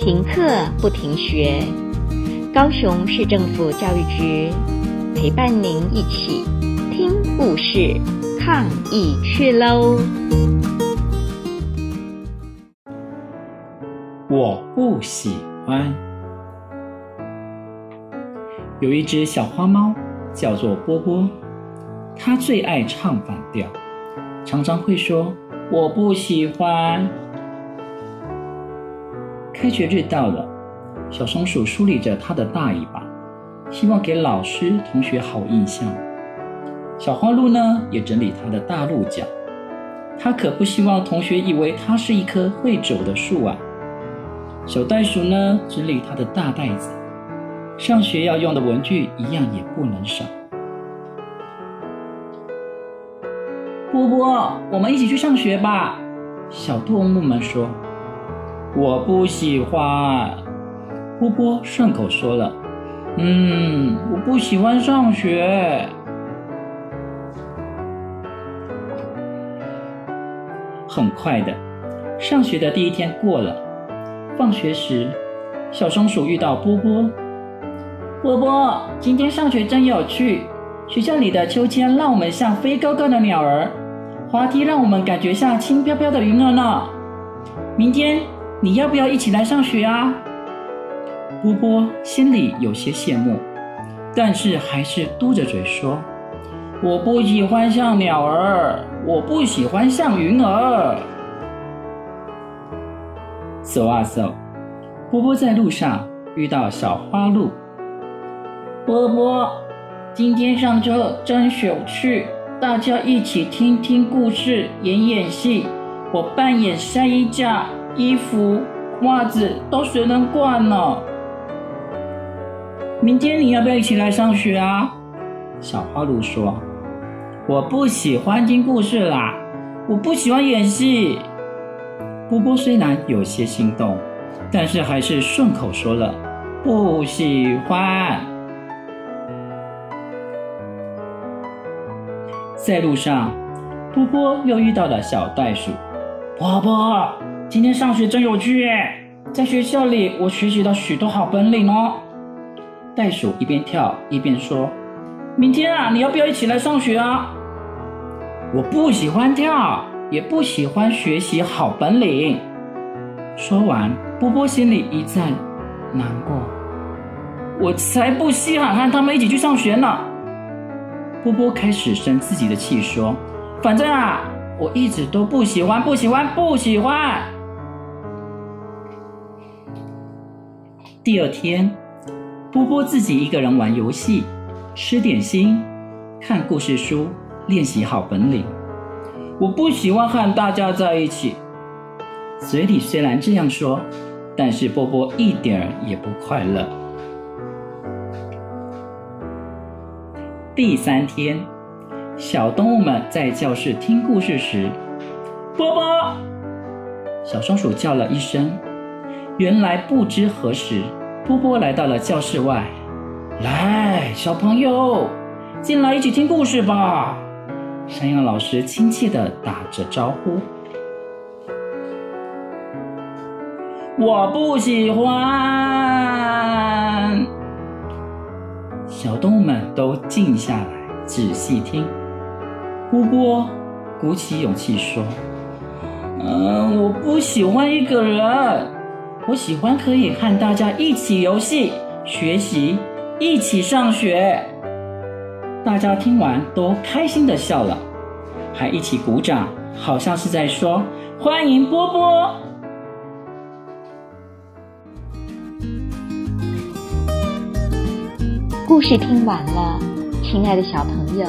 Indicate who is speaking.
Speaker 1: 停課不停學，高雄市政府教育局陪伴您一起聽故事、抗疫趣嘍！我不喜歡。有一隻小花貓，叫做波波，它最愛唱反調，常常會說：“我不喜歡。”開學日到了，小松鼠梳理着它的大尾巴，希望給老師同學好印象。小花鹿呢，也整理它的大鹿角，它可不希望同學以為它是一棵會走的樹啊。小袋鼠呢，整理它的大袋子，上學要用的文具一樣也不能少。波波，我們一起去上學吧！小動物們說。我不喜歡，波波順口說了。嗯，我不喜歡上學。很快的，上學的第一天過了。放學時，小松鼠遇到波波。波波，今天上學真有趣。學校裡的秋千讓我們像飛高高的鳥兒，滑梯讓我們感覺像輕飄飄的雲兒呢。明天。你要不要一起來上學啊？波波心裡有些羨慕，但是還是嘟着嘴說：“我不喜歡像鳥兒，我不喜歡像雲兒。”走啊走，波波在路上遇到小花鹿。波波，今天上課真有趣，大家一起聽聽故事，演演戲，我扮演山一架，衣服、襪子都誰能慣呢？明天你要不要一起來上學啊？小花鹿說：“我不喜歡聽故事啦，我不喜歡演戲。”波波雖然有些心動，但是還是順口說了：“不喜歡。”在路上，波波又遇到了小袋鼠。波波，今天上學真有趣耶！在學校裡，我學習到許多好本領哦。袋鼠一邊跳一邊說：“明天啊，你要不要一起來上學啊？”我不喜歡跳，也不喜歡學習好本領。說完，波波心裡一再難過。我才不稀罕和他們一起去上學呢！波波開始生自己的氣，說：“反正啊。”我一直都不喜歡，不喜歡，不喜歡。第二天，波波自己一個人玩遊戲，吃點心，看故事書，練習好本領。我不喜歡和大家在一起。嘴裡雖然這樣說，但是波波一點也不快樂。第三天。小動物們在教室聽故事時，波波，小松鼠叫了一聲。原來不知何時，波波來到了教室外。來，小朋友，進來一起聽故事吧。山羊老師親切地打着招呼。我不喜歡。小動物們都靜下來，仔細聽。波波鼓起勇氣說：“嗯、呃，我不喜歡一個人，我喜歡可以和大家一起遊戲、學習、一起上學。”大家聽完都開心的笑了，還一起鼓掌，好像是在說：“歡迎波波。”故事聽完了，親愛的小朋友。